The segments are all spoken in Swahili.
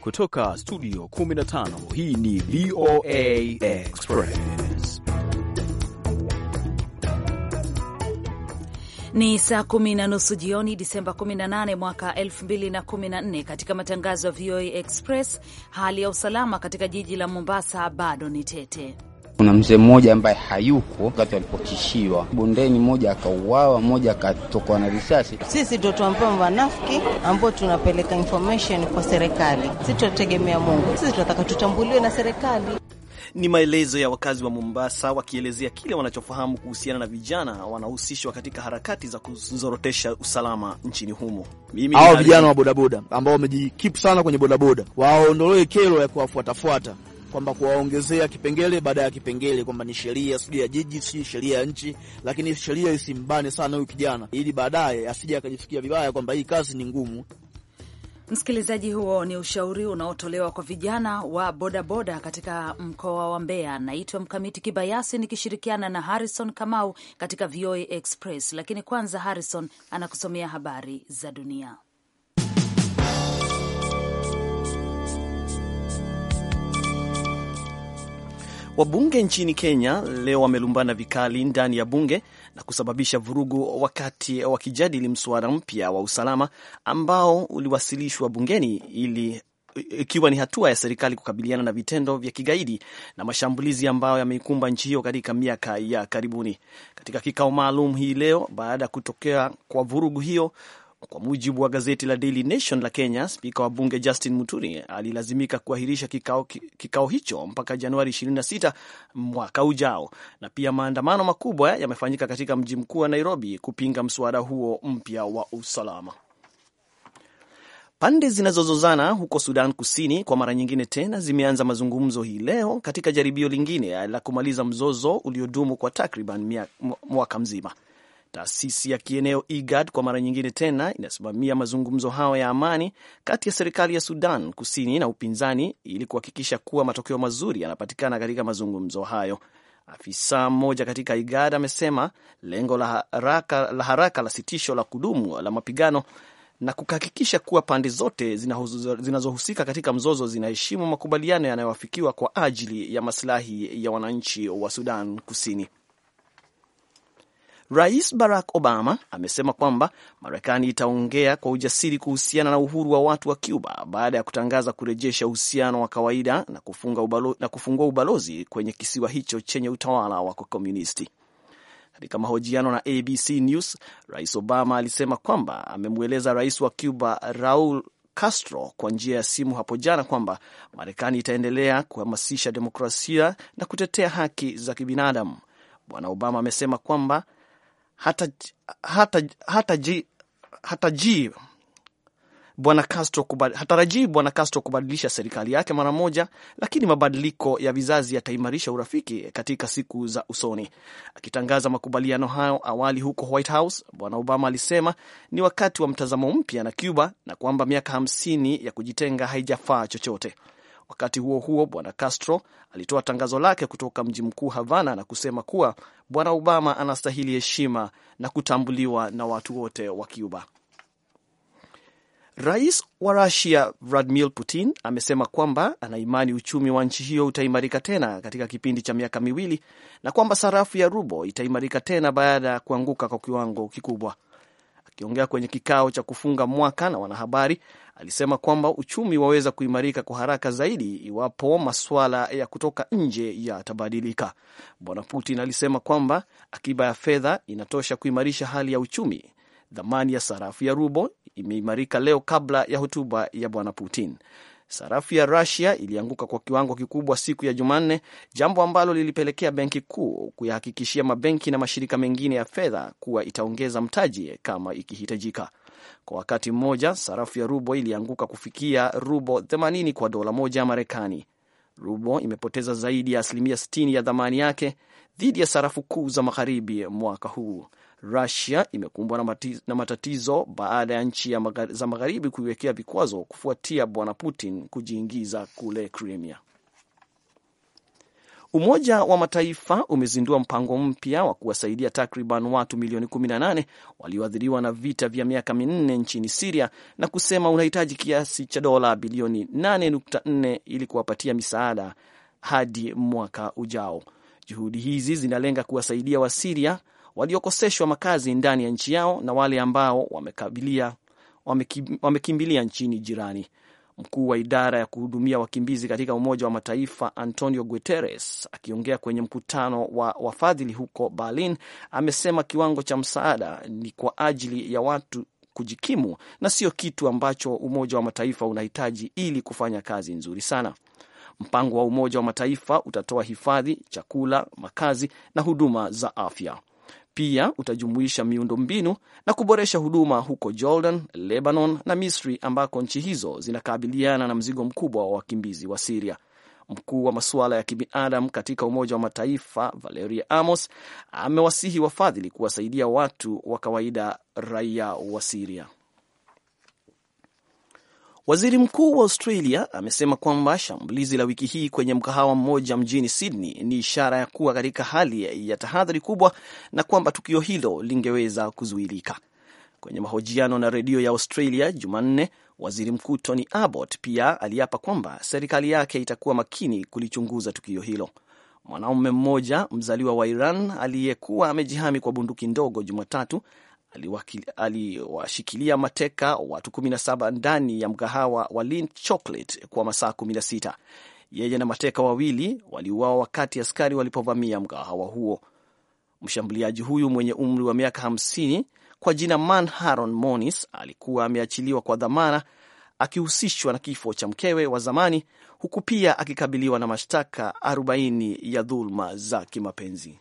Kutoka studio 15 hii ni VOA Express. Ni saa kumi na nusu jioni, Disemba 18 mwaka 2014. Katika matangazo ya VOA Express, hali ya usalama katika jiji la Mombasa bado ni tete. Kuna mzee mmoja ambaye hayuko wakati alipotishiwa bondeni, mmoja akauawa, mmoja akatokwa na risasi. Sisi ndio tuambao wanafiki ambao tunapeleka information kwa serikali, sisi tunategemea Mungu, sisi tunataka tutambuliwe na serikali. Ni maelezo ya wakazi wa Mombasa wakielezea kile wanachofahamu kuhusiana na vijana wanaohusishwa katika harakati za kuzorotesha usalama nchini humo. Mimi Hao vijana wa bodaboda ambao wamejikip sana kwenye bodaboda, waondolewe kero ya kuwafuatafuata kwamba kuwaongezea kipengele baada ya kipengele, kwamba ni sheria sijui ya jiji si sheria ya nchi, lakini sheria isimbane sana huyu kijana, ili baadaye asije akajifikia vibaya kwamba hii kazi ni ngumu. Msikilizaji, huo ni ushauri unaotolewa kwa vijana wa bodaboda boda katika mkoa wa Mbeya. Naitwa Mkamiti Kibayasi nikishirikiana na Harrison Kamau katika VOA Express, lakini kwanza Harrison anakusomea habari za dunia. Wabunge nchini Kenya leo wamelumbana vikali ndani ya bunge na kusababisha vurugu wakati wakijadili mswada mpya wa usalama ambao uliwasilishwa bungeni ili ikiwa ni hatua ya serikali kukabiliana na vitendo vya kigaidi na mashambulizi ambayo yameikumba nchi hiyo katika miaka ya karibuni. Katika kikao maalum hii leo, baada ya kutokea kwa vurugu hiyo, kwa mujibu wa gazeti la Daily Nation la Kenya, spika wa bunge Justin Muturi alilazimika kuahirisha kikao, kikao hicho mpaka Januari 26 mwaka ujao. Na pia maandamano makubwa yamefanyika katika mji mkuu wa Nairobi kupinga mswada huo mpya wa usalama. Pande zinazozozana huko Sudan Kusini kwa mara nyingine tena zimeanza mazungumzo hii leo katika jaribio lingine la kumaliza mzozo uliodumu kwa takriban mwaka mzima. Taasisi ya kieneo IGAD kwa mara nyingine tena inasimamia mazungumzo hayo ya amani kati ya serikali ya Sudan Kusini na upinzani ili kuhakikisha kuwa matokeo mazuri yanapatikana katika mazungumzo hayo. Afisa mmoja katika IGAD amesema lengo la haraka la haraka la sitisho la kudumu la mapigano na kuhakikisha kuwa pande zote zinazohusika katika mzozo zinaheshimu makubaliano yanayoafikiwa kwa ajili ya masilahi ya wananchi wa Sudan Kusini. Rais Barack Obama amesema kwamba Marekani itaongea kwa ujasiri kuhusiana na uhuru wa watu wa Cuba baada ya kutangaza kurejesha uhusiano wa kawaida na kufunga ubalo, na kufungua ubalozi kwenye kisiwa hicho chenye utawala wa kikomunisti. Katika mahojiano na ABC News, Rais Obama alisema kwamba amemweleza rais wa Cuba Raul Castro kwa njia ya simu hapo jana kwamba Marekani itaendelea kuhamasisha demokrasia na kutetea haki za kibinadamu. Bwana Obama amesema kwamba hata, hata, hata Bwana Castro kubad... hatarajii Bwana Castro kubadilisha serikali yake mara moja, lakini mabadiliko ya vizazi yataimarisha urafiki katika siku za usoni. Akitangaza makubaliano hayo awali huko White House, Bwana Obama alisema ni wakati wa mtazamo mpya na Cuba na kwamba miaka hamsini ya kujitenga haijafaa chochote. Wakati huo huo, bwana Castro alitoa tangazo lake kutoka mji mkuu Havana na kusema kuwa bwana Obama anastahili heshima na kutambuliwa na watu wote wa Cuba. Rais wa Rusia Vladimir Putin amesema kwamba anaimani uchumi wa nchi hiyo utaimarika tena katika kipindi cha miaka miwili na kwamba sarafu ya rubo itaimarika tena baada ya kuanguka kwa kiwango kikubwa. Akiongea kwenye kikao cha kufunga mwaka na wanahabari, alisema kwamba uchumi waweza kuimarika kwa haraka zaidi iwapo masuala ya kutoka nje yatabadilika. Bwana Putin alisema kwamba akiba ya fedha inatosha kuimarisha hali ya uchumi. Dhamani ya sarafu ya rubo imeimarika leo kabla ya hotuba ya Bwana Putin. Sarafu ya Rusia ilianguka kwa kiwango kikubwa siku ya Jumanne, jambo ambalo lilipelekea benki kuu kuyahakikishia mabenki na mashirika mengine ya fedha kuwa itaongeza mtaji kama ikihitajika. Kwa wakati mmoja, sarafu ya rubo ilianguka kufikia rubo 80 kwa dola moja ya Marekani. Rubo imepoteza zaidi ya asilimia 60 ya dhamani yake dhidi ya sarafu kuu za magharibi mwaka huu. Rusia imekumbwa na matatizo baada ya nchi za magharibi kuiwekea vikwazo kufuatia bwana Putin kujiingiza kule Crimea. Umoja wa Mataifa umezindua mpango mpya wa kuwasaidia takriban watu milioni 18 walioathiriwa na vita vya miaka minne nchini Siria na kusema unahitaji kiasi cha dola bilioni 8.4 ili kuwapatia misaada hadi mwaka ujao. Juhudi hizi zinalenga kuwasaidia Wasiria waliokoseshwa makazi ndani ya nchi yao na wale ambao wamekimbilia wame nchini jirani. Mkuu wa idara ya kuhudumia wakimbizi katika Umoja wa Mataifa Antonio Guterres akiongea kwenye mkutano wa wafadhili huko Berlin amesema kiwango cha msaada ni kwa ajili ya watu kujikimu na sio kitu ambacho Umoja wa Mataifa unahitaji ili kufanya kazi nzuri sana. Mpango wa Umoja wa Mataifa utatoa hifadhi, chakula, makazi na huduma za afya. Pia utajumuisha miundombinu na kuboresha huduma huko Jordan, Lebanon na Misri, ambako nchi hizo zinakabiliana na mzigo mkubwa wa wakimbizi wa Siria. Mkuu wa masuala ya kibinadamu katika Umoja wa Mataifa Valeria Amos amewasihi wafadhili kuwasaidia watu wa kawaida, raia wa Siria. Waziri mkuu wa Australia amesema kwamba shambulizi la wiki hii kwenye mkahawa mmoja mjini Sydney ni ishara ya kuwa katika hali ya tahadhari kubwa na kwamba tukio hilo lingeweza kuzuilika. Kwenye mahojiano na redio ya Australia Jumanne, waziri mkuu Tony Abbott pia aliapa kwamba serikali yake itakuwa makini kulichunguza tukio hilo. Mwanaume mmoja mzaliwa wa Iran aliyekuwa amejihami kwa bunduki ndogo Jumatatu aliwashikilia mateka watu 17 ndani ya mgahawa wa Lindt Chocolate kwa masaa 16. Yeye na mateka wawili waliuawa wakati askari walipovamia mgahawa huo. Mshambuliaji huyu mwenye umri wa miaka 50 kwa jina Manharon Monis alikuwa ameachiliwa kwa dhamana akihusishwa na kifo cha mkewe wa zamani huku pia akikabiliwa na mashtaka 40 ya dhuluma za kimapenzi.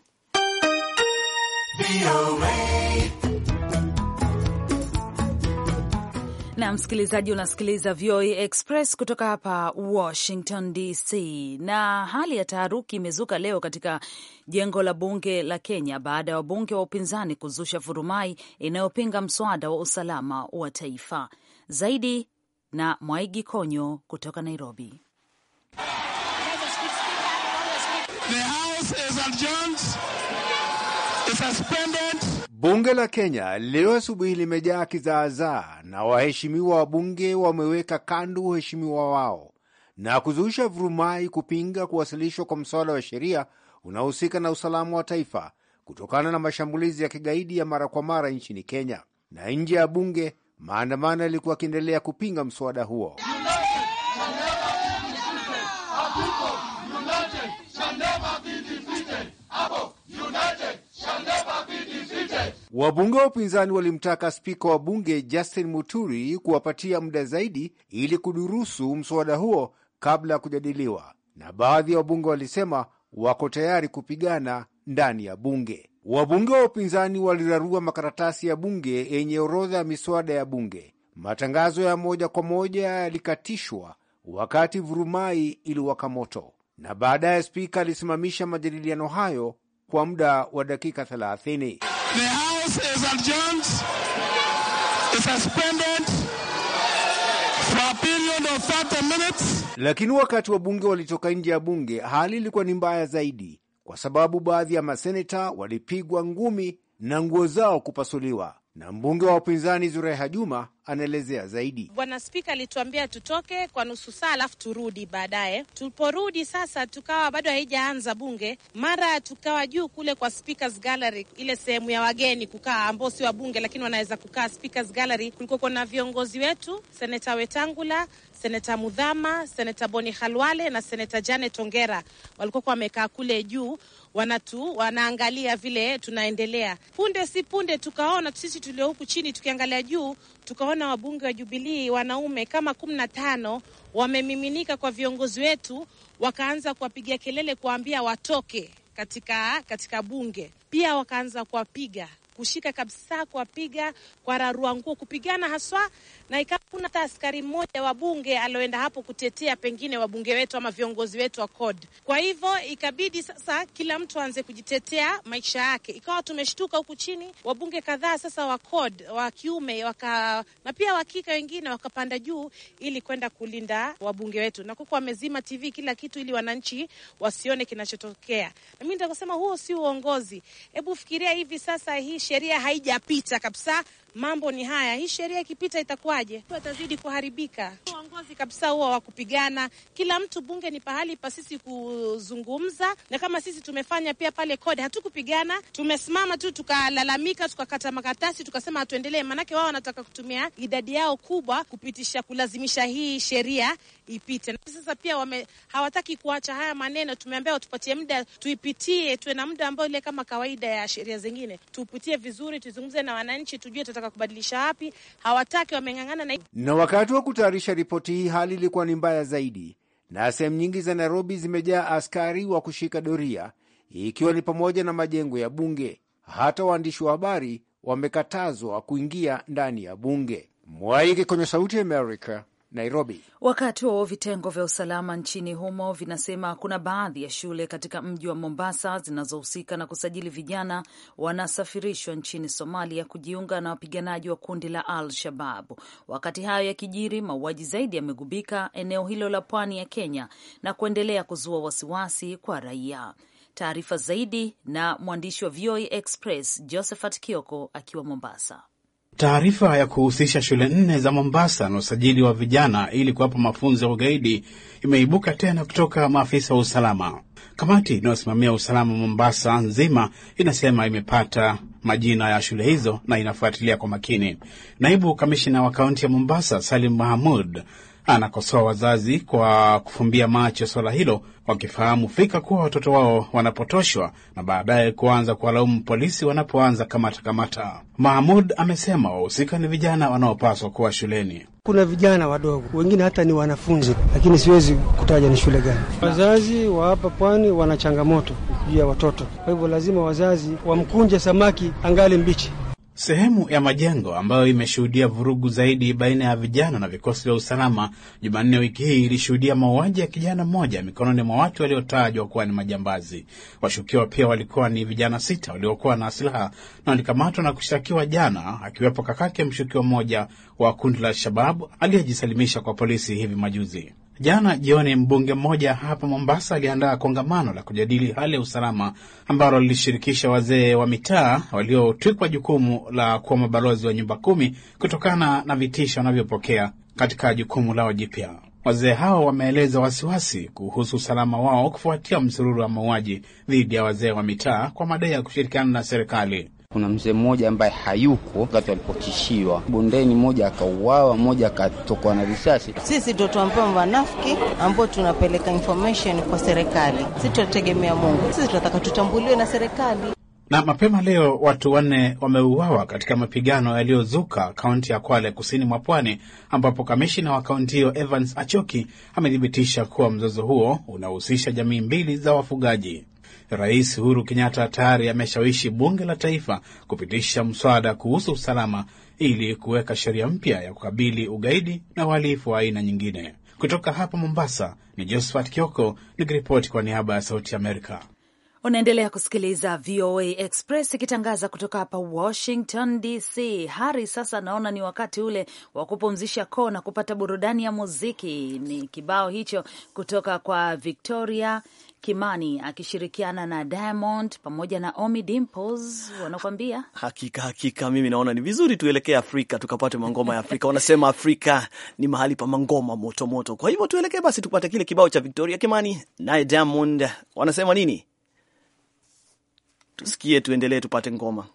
na msikilizaji, unasikiliza VOA Express kutoka hapa Washington DC. Na hali ya taharuki imezuka leo katika jengo la bunge la Kenya baada ya wabunge wa upinzani kuzusha furumai inayopinga mswada wa usalama wa taifa. Zaidi na Mwaigi Konyo kutoka Nairobi. The House is adjourned. It's suspended. Bunge la Kenya leo asubuhi limejaa kizaazaa na waheshimiwa wa bunge wameweka kando uheshimiwa wao na kuzusha vurumai kupinga kuwasilishwa kwa mswada wa sheria unaohusika na usalama wa taifa kutokana na mashambulizi ya kigaidi ya mara kwa mara nchini Kenya. Na nje ya bunge, maandamano yalikuwa akiendelea kupinga mswada huo. Wabunge wa upinzani walimtaka spika wa bunge Justin Muturi kuwapatia muda zaidi ili kudurusu mswada huo kabla ya kujadiliwa, na baadhi ya wabunge walisema wako tayari kupigana ndani ya bunge. Wabunge wa upinzani walirarua makaratasi ya bunge yenye orodha ya miswada ya bunge. Matangazo ya moja kwa moja yalikatishwa wakati vurumai iliwaka moto, na baadaye spika alisimamisha majadiliano hayo kwa muda wa dakika 30. The House is adjourned, It's suspended for a period of 30 minutes. Lakini wakati wa bunge walitoka nje ya bunge, hali ilikuwa ni mbaya zaidi, kwa sababu baadhi ya maseneta walipigwa ngumi na nguo zao kupasuliwa na mbunge wa upinzani Zureha Juma anaelezea zaidi. Bwana Spika alituambia tutoke kwa nusu saa alafu turudi baadaye. Tuliporudi sasa, tukawa bado haijaanza bunge, mara tukawa juu kule kwa speakers gallery, ile sehemu ya wageni kukaa, ambao si wa bunge lakini wanaweza kukaa speakers gallery. Kulikuwa na viongozi wetu, seneta Wetangula, seneta Mudhama, seneta Boni Halwale na seneta Janet Ongera walikuwa wamekaa kule juu wanatu wanaangalia vile tunaendelea. Punde si punde, tukaona sisi tulio huku chini tukiangalia juu, tukaona wabunge wa Jubilii wanaume kama kumi na tano wamemiminika kwa viongozi wetu, wakaanza kuwapigia kelele, kuwaambia watoke katika, katika bunge. Pia wakaanza kuwapiga kushika kabisa, kuwapiga kwa rarua nguo, kupigana haswa, na ikawa kuna hata askari mmoja wa bunge alioenda hapo kutetea pengine wabunge wetu ama viongozi wetu wa CORD. Kwa hivyo ikabidi sasa kila mtu aanze kujitetea maisha yake, ikawa tumeshtuka huku chini, wabunge kadhaa sasa wa CORD wa kiume waka na pia wakike wengine wakapanda juu ili kwenda kulinda wabunge wetu, na kuku wamezima TV kila kitu, ili wananchi wasione kinachotokea. Na mimi nitasema huo si uongozi. Hebu fikiria hivi sasa hii sheria haijapita kabisa. Mambo ni haya, hii sheria ikipita itakuwaje? Watazidi kuharibika. Uongozi kabisa huo wa kupigana, kila mtu. Bunge ni pahali pa sisi kuzungumza, na kama sisi tumefanya pia pale kode, hatukupigana, tumesimama tu tukalalamika, tukakata makatasi, tukasema hatuendelee, maanake wao wanataka kutumia idadi yao kubwa kupitisha, kulazimisha hii sheria ipite. Sasa pia wame, hawataki kuacha haya maneno. Tumeambia watupatie muda tuipitie, tuwe na muda ambao ile kama kawaida ya sheria zingine tupitie vizuri, tuzungumze na wananchi, tujue tutataka kubadilisha wapi. Hawataki, wameng'ang'ana na... na wakati wa kutayarisha ripoti hii hali ilikuwa ni mbaya zaidi, na sehemu nyingi za Nairobi zimejaa askari wa kushika doria, ikiwa ni pamoja na majengo ya bunge. Hata waandishi wa habari wamekatazwa kuingia ndani ya bunge. Mwaike kwenye Sauti ya Amerika, Nairobi. Wakati huo vitengo vya usalama nchini humo vinasema kuna baadhi ya shule katika mji wa Mombasa zinazohusika na kusajili vijana wanasafirishwa nchini Somalia kujiunga na wapiganaji wa kundi la Al Shababu. Wakati hayo yakijiri, mauaji zaidi yamegubika eneo hilo la pwani ya Kenya na kuendelea kuzua wasiwasi kwa raia. Taarifa zaidi na mwandishi wa VOA Express Josephat Kioko akiwa Mombasa. Taarifa ya kuhusisha shule nne za Mombasa na usajili wa vijana ili kuwapa mafunzo ya ugaidi imeibuka tena kutoka maafisa wa usalama. Kamati inayosimamia usalama Mombasa nzima inasema imepata majina ya shule hizo na inafuatilia kwa makini. Naibu kamishina wa kaunti ya Mombasa Salim Mahamud anakosoa wazazi kwa kufumbia macho swala hilo, wakifahamu fika kuwa watoto wao wanapotoshwa na baadaye kuanza kuwalaumu polisi wanapoanza kamata kamata. Mahmud amesema wahusika ni vijana wanaopaswa kuwa shuleni. Kuna vijana wadogo wengine hata ni wanafunzi, lakini siwezi kutaja ni shule gani. Wazazi wa hapa pwani wana changamoto juu ya watoto, kwa hivyo lazima wazazi wamkunje samaki angali mbichi. Sehemu ya majengo ambayo imeshuhudia vurugu zaidi baina ya vijana na vikosi vya usalama Jumanne wiki hii ilishuhudia mauaji ya kijana mmoja mikononi mwa watu waliotajwa kuwa ni majambazi. Washukiwa pia walikuwa ni vijana sita waliokuwa na silaha na walikamatwa na kushtakiwa jana, akiwepo kakake mshukiwa mmoja wa kundi la Shababu aliyejisalimisha kwa polisi hivi majuzi. Jana jioni mbunge mmoja hapa Mombasa aliandaa kongamano la kujadili hali ya usalama ambalo lilishirikisha wazee wa mitaa waliotwikwa jukumu la kuwa mabalozi wa nyumba kumi kutokana na vitisho wanavyopokea katika jukumu lao jipya. Wazee hao wameeleza wasiwasi kuhusu usalama wao kufuatia msururu wa mauaji dhidi ya wazee wa mitaa kwa madai ya kushirikiana na serikali. Kuna mzee mmoja ambaye hayuko wakati walipotishiwa bondeni, mmoja akauawa, mmoja akatokwa na risasi. Sisi ndo tuambiwa wanafiki ambao tunapeleka information kwa serikali, sisi tunategemea Mungu, sisi tunataka tutambuliwe na serikali. Na mapema leo watu wanne wameuawa katika mapigano yaliyozuka kaunti ya Kwale kusini mwa pwani, ambapo kamishina wa kaunti hiyo Evans Achoki amethibitisha kuwa mzozo huo unahusisha jamii mbili za wafugaji. Rais Uhuru Kenyatta tayari ameshawishi bunge la taifa kupitisha mswada kuhusu usalama ili kuweka sheria mpya ya kukabili ugaidi na uhalifu wa aina nyingine. Kutoka hapa Mombasa ni Josephat Kioko nikiripoti kwa niaba ya Sauti Amerika. Unaendelea kusikiliza VOA Express ikitangaza kutoka hapa Washington DC. Hari, sasa naona ni wakati ule wa kupumzisha koo na kupata burudani ya muziki. Ni kibao hicho kutoka kwa Victoria Kimani akishirikiana na Diamond pamoja na Omi Dimples wanakuambia hakika hakika. Mimi naona ni vizuri tuelekee Afrika tukapate mangoma ya Afrika. Wanasema Afrika ni mahali pa mangoma moto moto, kwa hivyo tuelekee basi tupate kile kibao cha Victoria Kimani naye Diamond. Wanasema nini? Tusikie, tuendelee, tupate ngoma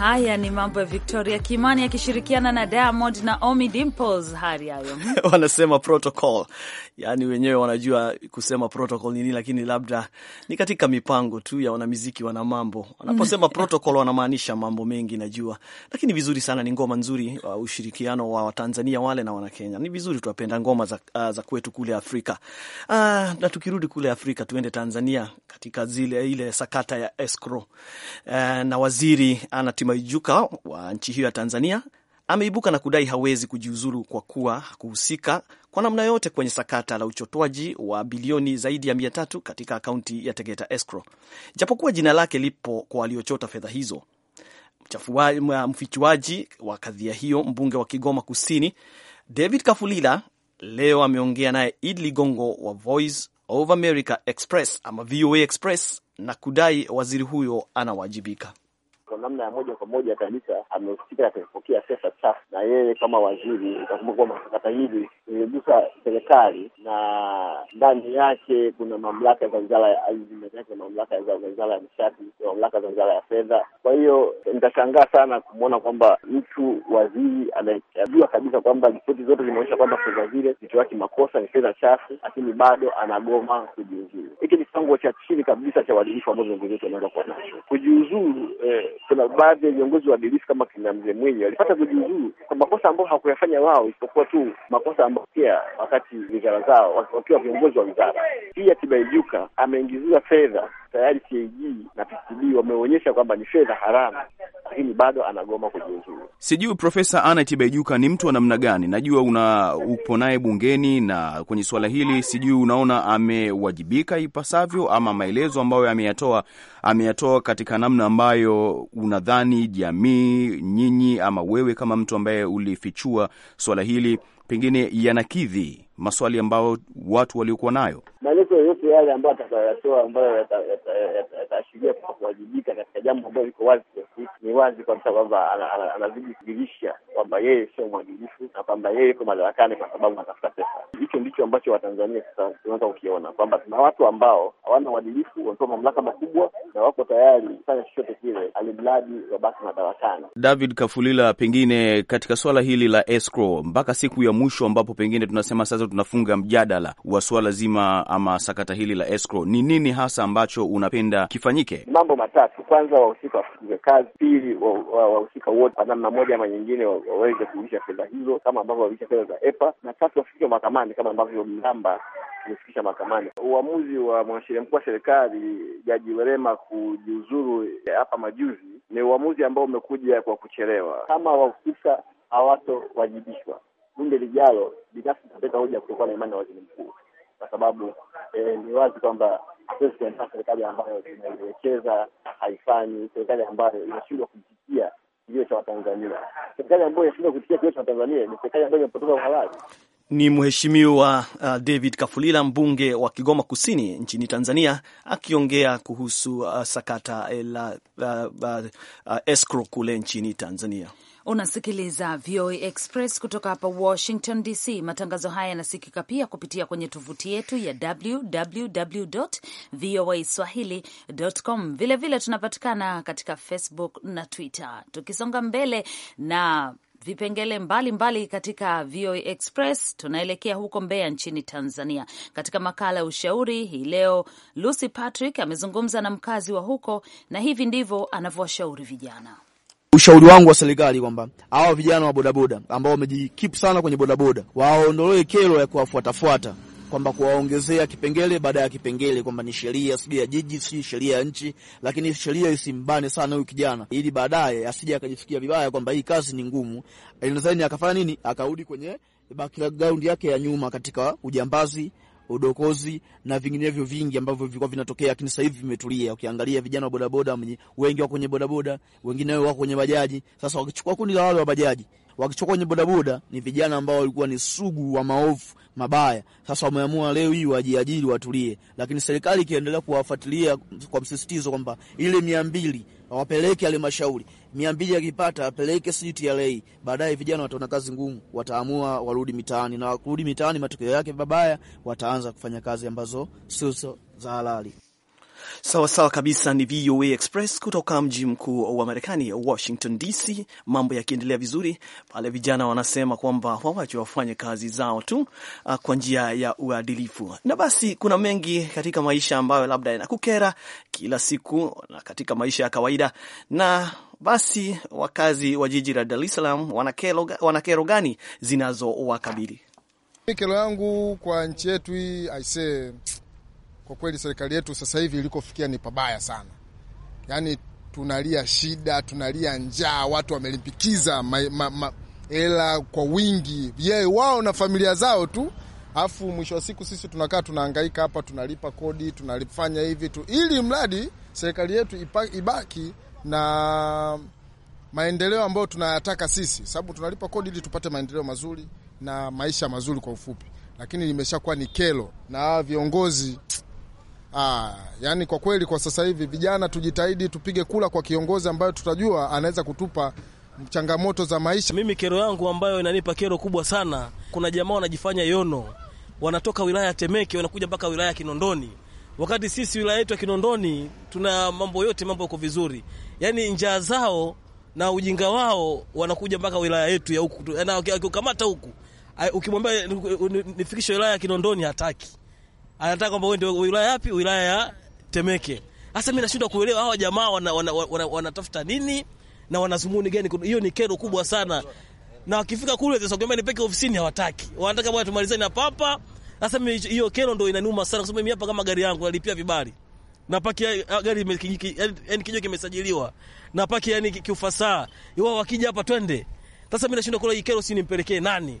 Haya ni mambo ya Victoria Kimani akishirikiana na Diamond na Omi Dimples. Hari hayo wanasema protocol yani wenyewe wanajua kusema protocol nini, lakini labda ni katika mipango tu ya wanamiziki wana mambo. Wanaposema mm. protocol wanamaanisha mambo mengi najua, lakini vizuri sana, ni ngoma nzuri. Uh, ushirikiano wa Watanzania wale na Wanakenya ni vizuri, tuwapenda ngoma za, uh, za kwetu kule Afrika. Uh, na tukirudi kule Afrika tuende Tanzania katika zile ile sakata ya escrow. Uh, na waziri Anna wa nchi hiyo ya Tanzania ameibuka na kudai hawezi kujiuzuru kwa kuwa hakuhusika kwa namna yote kwenye sakata la uchotoaji wa bilioni zaidi ya mia tatu katika akaunti ya Tegeta Escrow, japokuwa jina lake lipo kwa waliochota fedha hizo. Mfichuaji wa kadhia hiyo, mbunge wa Kigoma Kusini David Kafulila, leo ameongea naye Idli Ligongo wa Voice of America Express ama VOA Express na kudai waziri huyo anawajibika kwa namna ya moja kwa moja kabisa amehusika katika kupokea pesa chafu, na yeye kama waziri, utakumbuka kwamba sakata hili liligusa serikali na ndani yake kuna mamlaka za wizara ya ardhi, ndani yake mamlaka za wizara ya nishati, mamlaka za wizara ya fedha. Kwa hiyo nitashangaa sana kumwona kwamba mtu waziri anajua kabisa kwamba ripoti zote zimeonyesha kwamba fedha zile zilizokuwa makosa ni fedha chafu, lakini bado anagoma kujiuzuru. Hiki ni kiwango cha chini kabisa cha uadilifu ambao viongozi wetu wanaweza kuwa nacho kujiuzuru eh, kuna baadhi ya viongozi wa waadilifu kama kina mzee Mwinyi walipata kujiuzuru kwa makosa ambayo hawakuyafanya wao, isipokuwa tu makosa ambayo pia wakati wizara zao wakiwa viongozi wa wizara. Pia Tibaijuka ameingiziwa fedha tayari, CAG na PCB wameonyesha kwamba ni fedha haramu lakini bado anagoma kujiuzulu. Sijui Profesa Annet Bejuka ni mtu wa namna gani? Najua una upo naye bungeni na kwenye suala hili, sijui unaona amewajibika ipasavyo, ama maelezo ambayo ameyatoa ameyatoa katika namna ambayo unadhani jamii, nyinyi ama wewe kama mtu ambaye ulifichua suala hili, pengine yanakidhi maswali ambayo watu waliokuwa nayo, maelezo yoyote yale ambayo atakayatoa ambayo yataashiria kuwajibika katika jambo ambayo liko wazi, ni wazi kabisa kwamba anazidi kujulisha kwamba yeye sio mwadilifu na kwamba yeye iko madarakani kwa sababu anatafuta pesa. Hicho ndicho ambacho Watanzania sasa tunaweza kukiona kwamba tuna watu ambao hawana uadilifu, wamepewa mamlaka makubwa na wako tayari kufanya chochote kile, alimradi wabaki madarakani. David Kafulila, pengine katika swala hili la escrow, mpaka siku ya mwisho ambapo pengine tunasema sasa tunafunga mjadala wa swala zima ama sakata hili la escrow, ni nini hasa ambacho unapenda kifanyike? Mambo matatu. Kwanza, wahusika wafukuzwe kazi. Pili, wahusika wote kwa namna moja ama nyingine wa waweze kurudisha fedha hizo kama ambavyo warudisha fedha za EPA, na tatu, wafikishwe mahakamani kama ambavyo Mlamba amefikisha mahakamani. Uamuzi wa mwanasheria mkuu wa serikali Jaji Werema kujiuzuru hapa majuzi ni uamuzi ambao umekuja kwa kuchelewa. Kama wahusika hawatowajibishwa, bunge lijalo binafsi itapeleka hoja kutokuwa na imani na waziri mkuu, kwa sababu eh, ni wazi kwamba hatuwezi kuendea serikali ambayo inaiwekeza haifanyi, serikali ambayo inashindwa kuitikia kilio cha Watanzania. Serikali ambayo inashindwa kusikia kilio cha Watanzania ni serikali ambayo imepotoka uhalali. Ni Mheshimiwa uh, David Kafulila, mbunge wa Kigoma Kusini nchini Tanzania, akiongea kuhusu uh, sakata eh, la uh, uh, uh, escrow kule nchini Tanzania. Unasikiliza VOA Express kutoka hapa Washington DC. Matangazo haya yanasikika pia kupitia kwenye tovuti yetu ya www voa swahili.com. Vilevile tunapatikana katika Facebook na Twitter. Tukisonga mbele na vipengele mbalimbali mbali katika VOA Express, tunaelekea huko Mbeya nchini Tanzania. Katika makala ya ushauri hii leo, Lucy Patrick amezungumza na mkazi wa huko na hivi ndivyo anavyowashauri vijana ushauri wangu wa serikali kwamba hawa vijana wa bodaboda ambao wamejikipu sana kwenye bodaboda waondolee kero ya kuwafuatafuata kwamba kuwaongezea kipengele baada ya kipengele, kwamba ni sheria sijui ya jiji si sheria ya nchi, lakini sheria isimbane sana huyu kijana, ili baadaye asije akajifikia vibaya kwamba hii kazi ni ngumu, inadhani akafanya nini, akarudi kwenye background yake ya nyuma katika ujambazi udokozi na vinginevyo vingi ambavyo vilikuwa vinatokea, lakini sasa hivi vimetulia. Ukiangalia vijana wa bodaboda wengi wako kwenye bodaboda, wengine wao wako kwenye bajaji. Sasa wakichukua kundi la wale wa bajaji wakichukua kwenye bodaboda ni vijana ambao walikuwa ni sugu wa maovu mabaya. Sasa wameamua leo hii wajiajiri, watulie, lakini serikali ikiendelea kuwafuatilia kwa msisitizo kwamba ile mia mbili wapeleke halmashauri mia mbili akipata apeleke sijui TRA. Baadaye vijana wataona kazi ngumu, wataamua warudi mitaani, na kurudi mitaani matokeo yake mabaya, wataanza kufanya kazi ambazo sio za halali. Sawa sawa kabisa, ni VOA Express kutoka mji mkuu wa Marekani, Washington DC. Mambo yakiendelea vizuri pale, vijana wanasema kwamba wawache wafanye kazi zao tu ah, kwa njia ya uadilifu. Na basi kuna mengi katika maisha ambayo labda yanakukera kila siku na katika maisha ya kawaida na basi wakazi wa jiji la Dar es Salaam wana kero gani zinazowakabili? Kero yangu kwa nchi yetu hii aisee kwa kweli serikali yetu sasa hivi ilikofikia ni pabaya sana, yaani tunalia shida, tunalia njaa, watu wamelimpikiza hela kwa wingi yeye wao na familia zao tu, alafu mwisho wa siku sisi tunakaa tunahangaika hapa, tunalipa kodi, tunalifanya hivi tu, ili mradi serikali yetu ipa, ibaki na maendeleo ambayo tunayataka sisi, sababu tunalipa kodi ili tupate maendeleo mazuri na maisha mazuri kwa ufupi, lakini limeshakuwa ni kelo na viongozi Aa, ah, yani kwa kweli kwa sasa hivi vijana tujitahidi tupige kula kwa kiongozi ambayo tutajua anaweza kutupa changamoto za maisha. Mimi kero yangu ambayo inanipa kero kubwa sana, kuna jamaa wanajifanya yono, wanatoka wilaya ya Temeke wanakuja mpaka wilaya ya Kinondoni, wakati sisi wilaya yetu ya Kinondoni tuna mambo yote, mambo yako vizuri. Yani njaa zao na ujinga wao wanakuja mpaka wilaya yetu ya huku, na yaani, ukikamata huku, ukimwambia nifikishe wilaya ya Kinondoni hataki anataka kwamba wewe ndio wilaya yapi? Wilaya ya Temeke. Sasa mimi nashindwa kuelewa hawa jamaa wanatafuta wana, wana, wana, wana nini na wanazumuni gani? Hiyo ni kero kubwa sana, na wakifika kule sasa kwamba peke ofisini hawataki, wanataka bwana tumalizane hapa hapa. Sasa mimi hiyo kero ndio inaniuma sana, kwa sababu mimi hapa kama gari yangu nalipia vibali na paki gari yani kinyo kimesajiliwa na paki yani kiufasaha, wao wakija hapa twende. Sasa mimi nashindwa kula hii kero, si nimpelekee nani?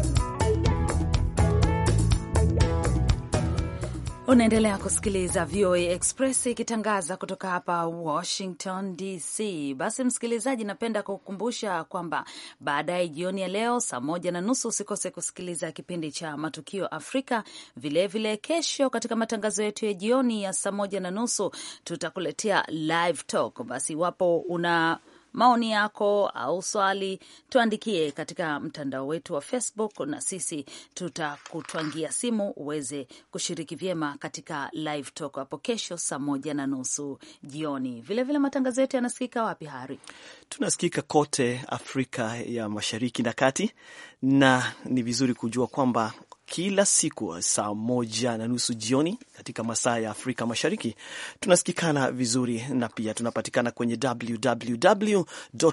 Unaendelea kusikiliza VOA Express ikitangaza kutoka hapa Washington DC. Basi msikilizaji, napenda kukukumbusha kwamba baadaye jioni ya leo saa moja na nusu usikose kusikiliza kipindi cha Matukio Afrika. Vilevile vile kesho katika matangazo yetu ya jioni ya saa moja na nusu tutakuletea Live Talk. Basi iwapo una maoni yako au swali, tuandikie katika mtandao wetu wa Facebook na sisi tutakutwangia simu uweze kushiriki vyema katika live talk hapo kesho saa moja na nusu jioni. Vilevile, matangazo yetu yanasikika wapi, Hari? Tunasikika kote Afrika ya Mashariki na Kati, na ni vizuri kujua kwamba kila siku saa moja na nusu jioni katika masaa ya Afrika Mashariki. Tunasikikana vizuri na pia tunapatikana kwenye www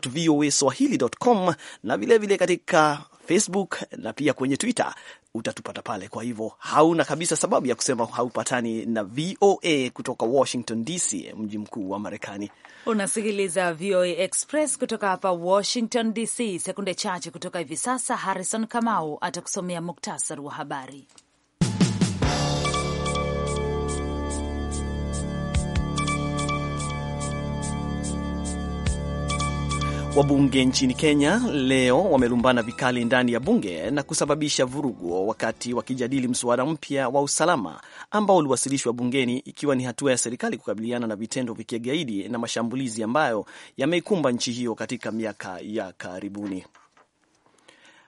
voa swahili com na vilevile katika Facebook na pia kwenye Twitter utatupata pale. Kwa hivyo hauna kabisa sababu ya kusema haupatani na VOA kutoka Washington DC, mji mkuu wa Marekani. Unasikiliza VOA Express kutoka hapa Washington DC. Sekunde chache kutoka hivi sasa, Harrison Kamau atakusomea muktasari wa habari. Wabunge nchini Kenya leo wamelumbana vikali ndani ya bunge na kusababisha vurugu wakati wakijadili mswada mpya wa usalama ambao uliwasilishwa bungeni ikiwa ni hatua ya serikali kukabiliana na vitendo vya kigaidi na mashambulizi ambayo yameikumba nchi hiyo katika miaka ya karibuni.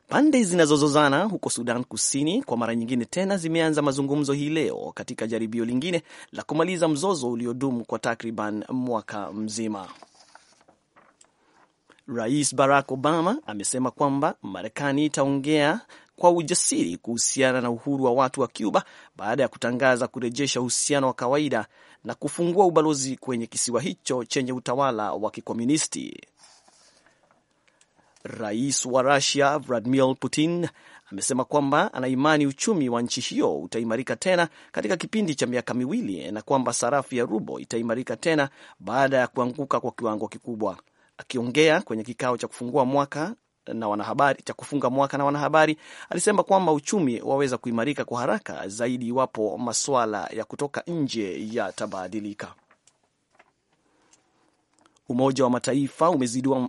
Pande zinazozozana huko Sudan Kusini kwa mara nyingine tena zimeanza mazungumzo hii leo katika jaribio lingine la kumaliza mzozo uliodumu kwa takriban mwaka mzima. Rais Barack Obama amesema kwamba Marekani itaongea kwa ujasiri kuhusiana na uhuru wa watu wa Cuba baada ya kutangaza kurejesha uhusiano wa kawaida na kufungua ubalozi kwenye kisiwa hicho chenye utawala wa kikomunisti. Rais wa Rusia Vladimir Putin amesema kwamba anaimani uchumi wa nchi hiyo utaimarika tena katika kipindi cha miaka miwili na kwamba sarafu ya rubo itaimarika tena baada ya kuanguka kwa kiwango kikubwa. Akiongea kwenye kikao cha kufungua mwaka na wanahabari cha kufunga mwaka na wanahabari alisema kwamba uchumi waweza kuimarika kwa haraka zaidi iwapo masuala ya kutoka nje yatabadilika. Umoja wa Mataifa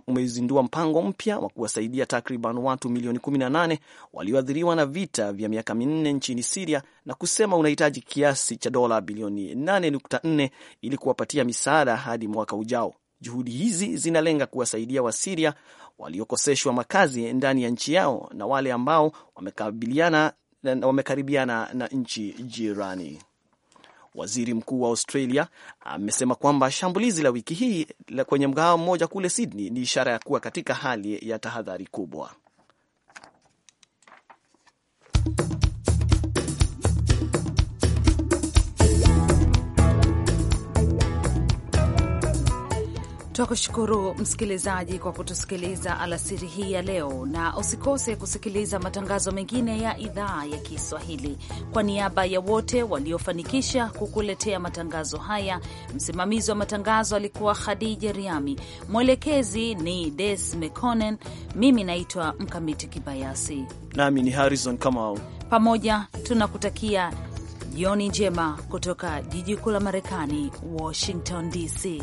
umezindua mpango mpya wa kuwasaidia takriban watu milioni 18 walioathiriwa na vita vya miaka minne nchini Siria na kusema unahitaji kiasi cha dola bilioni 8.4 ili kuwapatia misaada hadi mwaka ujao. Juhudi hizi zinalenga kuwasaidia Wasiria waliokoseshwa makazi ndani ya nchi yao na wale ambao wamekabiliana wamekaribiana na nchi jirani. Waziri mkuu wa Australia amesema kwamba shambulizi la wiki hii kwenye mgahawa mmoja kule Sydney ni ishara ya kuwa katika hali ya tahadhari kubwa. Twakushukuru msikilizaji kwa kutusikiliza alasiri hii ya leo, na usikose kusikiliza matangazo mengine ya idhaa ya Kiswahili. Kwa niaba ya wote waliofanikisha kukuletea matangazo haya, msimamizi wa matangazo alikuwa Khadija Riami, mwelekezi ni Des mconen mimi naitwa Mkamiti Kibayasi nami ni Harrison Kamau. Pamoja tunakutakia jioni njema kutoka jiji kuu la Marekani, Washington DC.